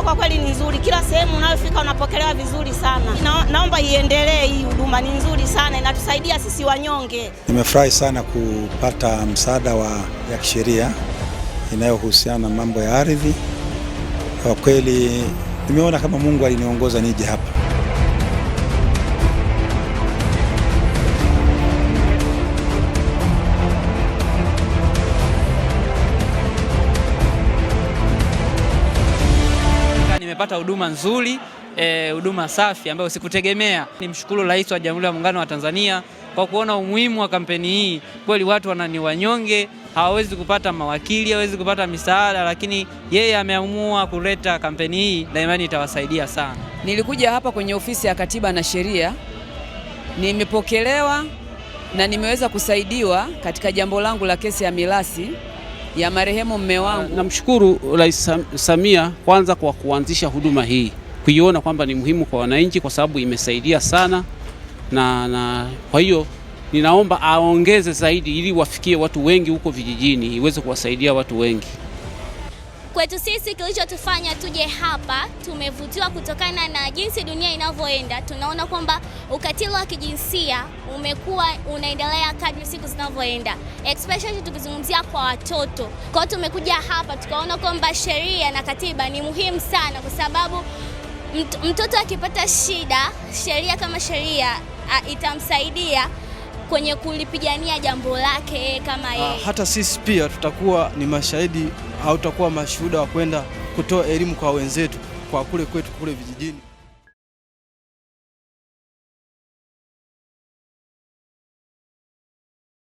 huduma kwa kweli ni nzuri, kila sehemu unayofika unapokelewa vizuri sana. Na, naomba iendelee hii huduma, ni nzuri sana, inatusaidia sisi wanyonge. Nimefurahi sana kupata msaada wa ya kisheria inayohusiana na mambo ya ardhi. Kwa kweli nimeona kama Mungu aliniongoza nije hapa. tumepata huduma nzuri, e, huduma e, safi ambayo sikutegemea. Nimshukuru Rais wa Jamhuri ya Muungano wa Tanzania kwa kuona umuhimu wa kampeni hii. Kweli watu wanani wanyonge, hawawezi kupata mawakili, hawawezi kupata misaada, lakini yeye ameamua kuleta kampeni hii na imani itawasaidia sana. Nilikuja hapa kwenye ofisi ya Katiba na Sheria, nimepokelewa na nimeweza kusaidiwa katika jambo langu la kesi ya mirasi ya marehemu mme wangu. Namshukuru Rais Samia kwanza kwa kuanzisha huduma hii, kuiona kwamba ni muhimu kwa wananchi, kwa sababu imesaidia sana na, na kwa hiyo ninaomba aongeze zaidi ili wafikie watu wengi huko vijijini, iweze kuwasaidia watu wengi. Kwetu sisi kilichotufanya tuje hapa, tumevutiwa kutokana na jinsi dunia inavyoenda. Tunaona kwamba ukatili wa kijinsia umekuwa unaendelea kadri siku zinavyoenda, especially tukizungumzia kwa watoto. Kwa hiyo tumekuja hapa tukaona kwamba sheria na katiba ni muhimu sana, kwa sababu mtoto akipata shida, sheria kama sheria itamsaidia kwenye kulipigania jambo lake kama ah, yeye. Hata sisi pia tutakuwa ni mashahidi au tutakuwa mashuhuda wa kwenda kutoa elimu kwa wenzetu kwa kule kwetu kule vijijini.